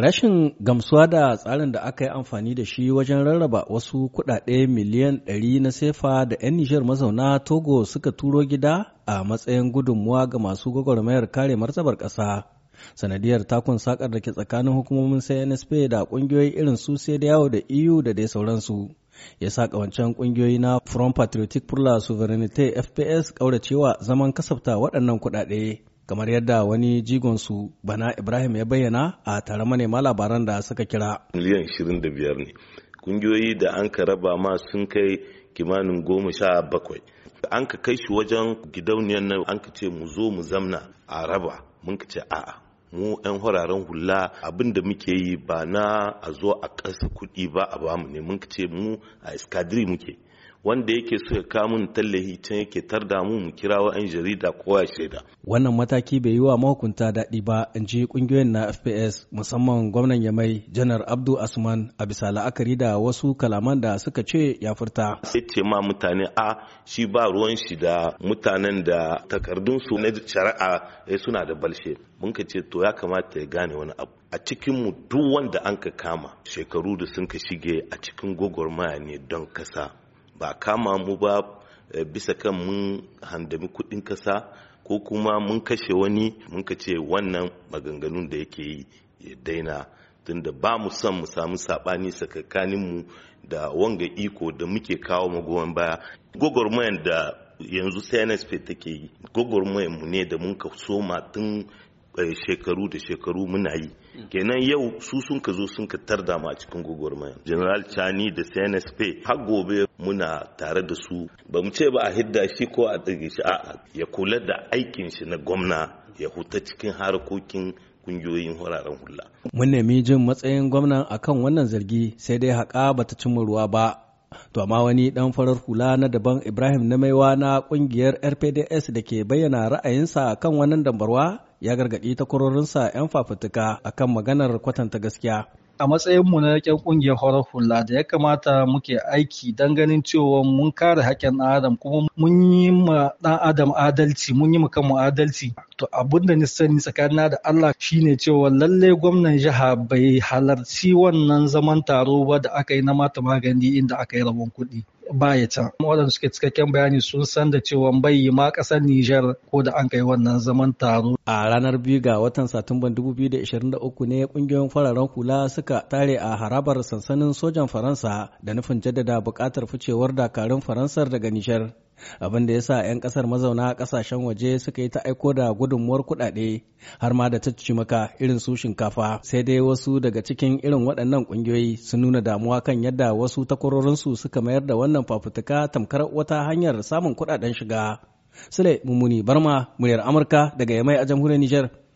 Rashin gamsuwa da tsarin da aka yi amfani da shi wajen rarraba wasu kuɗaɗe miliyan ɗari na sefa da 'yan Nijar mazauna Togo suka turo gida a matsayin gudunmuwa ga masu gwagwarmayar kare martabar ƙasa. Sanadiyar takun sakar da ke tsakanin hukumomin CNSP da ƙungiyoyi irin su da yawo e da EU da dai sauransu. Ya sa ƙawancen ƙungiyoyi na Front Patriotic pour la Souveraineté FPS ƙauracewa zaman kasafta waɗannan kuɗaɗe. kamar yadda wani jigonsu bana ibrahim ya bayyana a tare manema labaran da suka kira miliyan 25 ne kungiyoyi da an ka raba ma sun kai kimanin goma sha bakwai an ka kai shi wajen gidauniyar nan an ka ce mu zo mu zamna a raba mun ka ce a'a mu 'yan hararen hula abin da muke yi ba na a zo a ƙasa kuɗi ba a bamu ne mun ka ce mu a iskadiri muke wanda yake so ya mun tallahi can yake tar da mu kira wa an jarida ko ya shaida wannan mataki bai yi wa mahukunta daɗi ba in ji kungiyoyin na fps musamman gwamnan yamai janar abdul asman a bisa la'akari da wasu kalaman da suka ce ya furta sai ce ma mutane a shi ba ruwan shi da mutanen da takardunsu na shari'a eh, suna da balshe mun ka ce to ya kamata ya gane wani abu a cikin mu duk wanda an ka kama shekaru da sun ka shige a cikin gwagwarmaya ne don kasa ba kama mu ba eh, bisa kan mun handami kudin kasa ko kuma mun kashe wani mun ka ce wannan maganganun da yake yi ya daina tunda ba mu son mu samu sabani mu da wanga iko da muke kawo magowan baya gwagwarmayar da yanzu cnsp take yi gwagwarmayar mu ne da mun ka soma tun Eh, shekaru da shekaru muna yi mm. kenan yau su sun ka zo sun ka tarda mu a cikin mai general chani da cnsp har gobe muna tare da su ba mu ce ba a hidda shi ko a ɗage shi a ya kula da aikin shi na gwamna ya huta cikin harkokin kungiyoyin wuraren hula. Mun nemi jin matsayin gwamnan akan wannan zargi sai dai haƙa ba ta cimma ruwa ba To amma wani ɗan farar hula na daban Ibrahim na maiwa na ƙungiyar RPDS da ke bayyana ra'ayinsa kan wannan dambarwa ya gargaɗi takwarorinsa 'yan fafutuka akan maganar kwatanta gaskiya. a matsayinmu na yakin kungiyar horar hula da ya kamata muke aiki don ganin cewa mun kare haƙƙin ɗan adam kuma mun yi ma ɗan adam adalci mun yi ma adalci to abin da ni sani tsakanina da Allah shine cewa lalle gwamnan jiha bai halarci wannan zaman taro ba da aka yi na mata magani inda aka yi rabon kuɗi baya can waɗanda suke cikakken bayani sun san da cewa bai yi ma ƙasar Nijar ko da an kai wannan zaman taro. A ranar biyu ga watan Satumban 2023 ne ƙungiyoyin fararen kula suka tare a harabar sansanin sojan Faransa da nufin jaddada buƙatar ficewar dakarun Faransar daga Nijar. abin da ya sa 'yan kasar mazauna kasashen waje suka yi ta aiko da gudunmuwar kuɗaɗe har ma da ta maka irin su shinkafa sai dai wasu daga cikin irin waɗannan ƙungiyoyi sun nuna damuwa kan yadda wasu takwarorinsu suka mayar da wannan fafutuka tamkar wata hanyar samun kuɗaɗen shiga sule mummuni barma muryar amurka daga yamai a jamhuriyar Nijar.